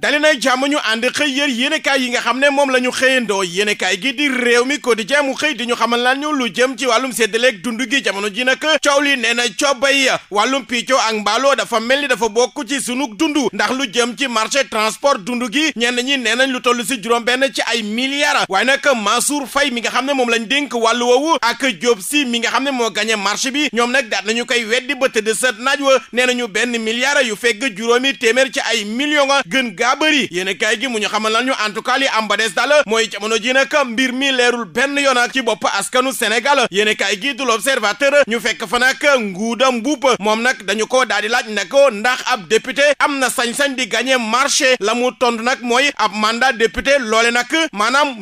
dali nag jàmm ñu ànd xëy yër yéenekaay yi nga xam ne moom la ñu xëyandoo yéenekaay gi di réew mi quotidien mu xëy di ñu xamal lan ñu lu jëm ci wàllum séddaleeg dund gi jamono ji nag coow li nee na coobay wàllum piccoo ak mbaaloo dafa mel ni dafa bokk ci sunu dund ndax lu jëm ci marché transport dund gi ñenn ñi nee nañ lu toll si juróom benn ci ay milliards waaye nag Mansour fay mi nga xam ne moom lañ dénk wàllu woowu ak Diop Sy mi nga xam ne moo gañe marché bi ñoom nag daat nañu koy weddi ba tëdd sët naaj nee nañu benn milliard yu fegg juróomi téeméer ci ay millions gën daa bëri yéen kaay gi ñu xamal lan ñu en tout cas li am ba ji nag mbir mi leerul benn yoon ak ci bopp askanu Sénégal yéen kaay gi du l'observateur ñu fekk fa nag nguuda mbuub moom nag dañu ko daal di laaj ne ko ndax ab député am na sañ-sañ di gagné marché la mu tontu nag mooy ab mandat député loole nag maanaam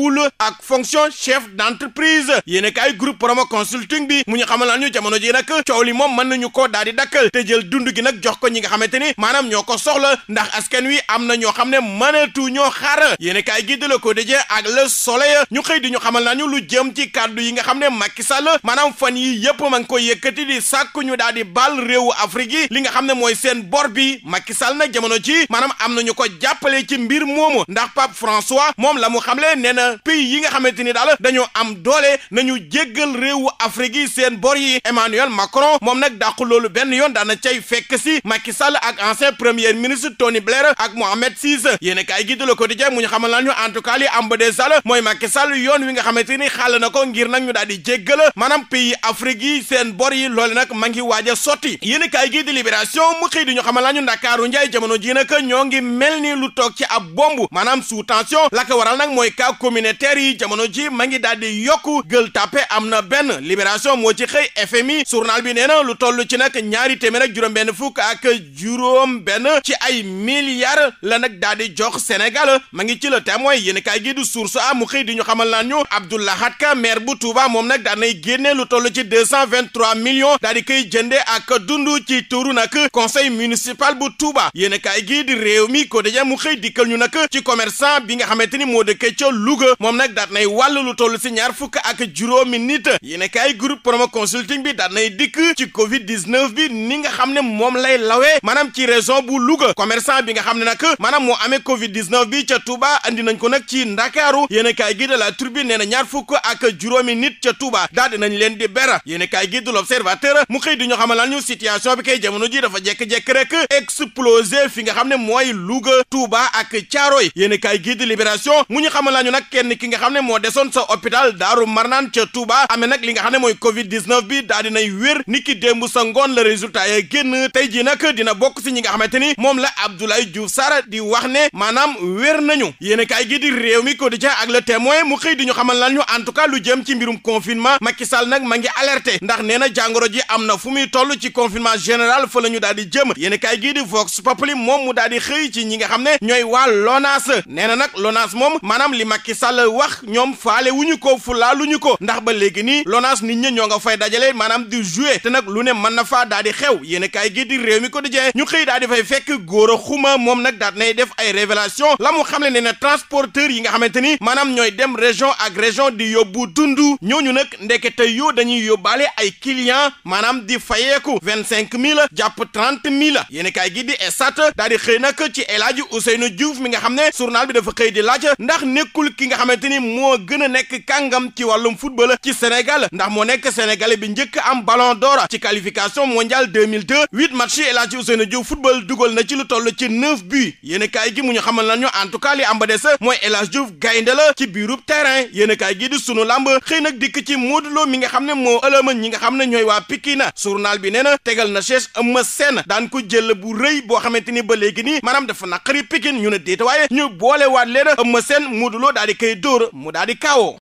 wul ak fonction chef d'entreprise yéen kaay groupe promo consulting bi mu ñu xamal lan ñu jamono ji nag coow li moom mën nañu ko daal di dakkal te jël dund gi nag jox ko ñi nga xamante ni maanaam ñoo ko soxla ndax askan bi am na ñoo xam ne mënatu ñoo xaar yéen kaay gi de Le Quotidien ak Le Soleil ñu xëy di ñu xamal na ñu lu jëm ci kàddu yi nga xam ne Macky Sall maanaam fan yi yëpp ma ngi ko yëkkati di sàkk ñu daal di baal réewu Afrique yi li nga xam ne mooy seen bor bi Macky Sall nag jamono ci maanaam am na ñu ko jàppale ci mbir moomu ndax Pape François moom la xam xamle nee na pays yi nga xamante ni daal dañoo am doole nañu jéggal réewu Afrique yi seen bor yi Emmanuel Macron moom nag dàqu benn yoon daana cay fekk si Macky Sall ak ancien premier ministre Tony Blair ak Mohamed Cisse yéen a kaay gi di Le Quotidien mu ñu xamal la ñu en tout cas li am ba des sall mooy Macky Sall yoon wi nga xamante ni na ko ngir nag ñu daal di jéggal maanaam pays Afrique yi seen bor yi loole nag ma ngi waaj a sotti yéen a kaay gi di Libération mu xëy di ñu xamal la ñu Ndakaaru Njaay jamono ji ñoo ngi mel ni lu toog ci a bomb maanaam sous tension la ko waral nag mooy cas communautaire yi jamono ji ma ngi daal gël tàppe am na benn Libération moo ci xëy FMI bi nee na lu toll ci nag ñaari téeméer ak juróom benn fukk ak juróom benn ci ay milliards la nag daal di jox Sénégal ma ngi ci le témoin yéen kaay gi du source a mu xëy di ñu xamal naan ñu Abdou Lahad Ka maire bu Touba moom nag daal nay génne lu ci deux cent vingt trois millions daal di koy jëndee ak dund ci turu nag conseil municipal bu Touba yéen kaay gi réew mi ko dèjà mu xëy dikkal ñu nag ci commerçant bi nga xamante ni moo dëkkee ca Louga moom nag daal nay wàll lu toll si ñaar fukk ak juróomi nit yéen kaay groupe promo consulting bi daal nay dikk ci Covid 19 bi ni nga xam ne moom lay lawee maanaam ci région bu Louga nag maanaam moo amee covid 19 bi ca Touba andi nañ ko nag ci Ndakaaru yéen a kaay gi de la Tribune nee na ñaar fukk ak juróomi nit ca Touba daal di nañ leen di ber yéen a kaay mu xëy di ñu xamal ñu situation bi kay jamono ji dafa jekk-jekk rek explosé fi nga xam ne mooy Louga Touba ak caaro yi a kaay gi de mu ñu xamal ñu nag kenn ki nga xam ne moo desoon sa hôpital Daaru Marnaan ca Touba amee nag li nga xam ne mooy covid 19 bi daal di nay wér niki démb sa ngoon la résultat génn tey ji nag dina bokk si ñi nga xamante ni moom la Abdoulaye Diouf Sarr di wax ne maanaam wér nañu yéen kaay gi di réew mi quotidien ak le témoin mu xëy di ñu xamal lan ñu en tout cas lu jëm ci mbirum confinement Macky sal nag ma ngi alerté ndax nee na jàngoro ji am na fu muy toll ci confinement général fa la ñu daal di jëm yéen kaay gi di Vox Populi moom mu daal di xëy ci ñi nga xam ne ñooy waa LONASE nee na nag LONASE moom maanaam li ki Sall wax ñoom faale wu ñu ko fulaa lu ñu ko ndax ba léegi nii LONASE nit ñi ñoo nga fay dajale maanaam di jouer nag lu ne mën na faa daal di xew yéen kaay gi mi quotidien ñu xëy daal di fekk góor a xuma moom nag daat nay def ay révélation la mu xam le ne ne transporteur yi nga xamante ni maanaam ñooy dem région ak région di yóbbu dund ñooñu nag ndekete yoo dañuy yóbbaale ay client maanaam di fayeeku vingt cinq mil japp trente mil yéen kaay gi di esat daal di xëy nag ci El Hadji Ousseynou Diouf mi nga xam ne journal bi dafa xëy di laaj ndax nekkul ki nga xamante ni moo gën a nekk kàngam ci wàllum football ci Sénégal ndax moo nekk sénégalais bi njëkk am ballon d'or ci qualification mondiale 2002 huit match El Hadji Ousseynou Diouf football but yéen kaay gi mu ñu xamal nañu en tout cas li am ba mooy El Hadj Diouf gaynde la ci biirub terrain yéen kaay gi di sunu làmb xëy nag dikk ci Modou Lo mi nga xam ne moo ëlëma ñi nga xam ne ñooy waa Pikine journal bi nee na tegal na chaise Eumeu Sène daan ko jël bu rëy boo xamante ni ba léegi nii maanaam dafa naqari Pikine ñu ne déet waaye ñu boolewaat leen Eumeu Sène seen Lo daal di koy dóor mu daal di kaawoo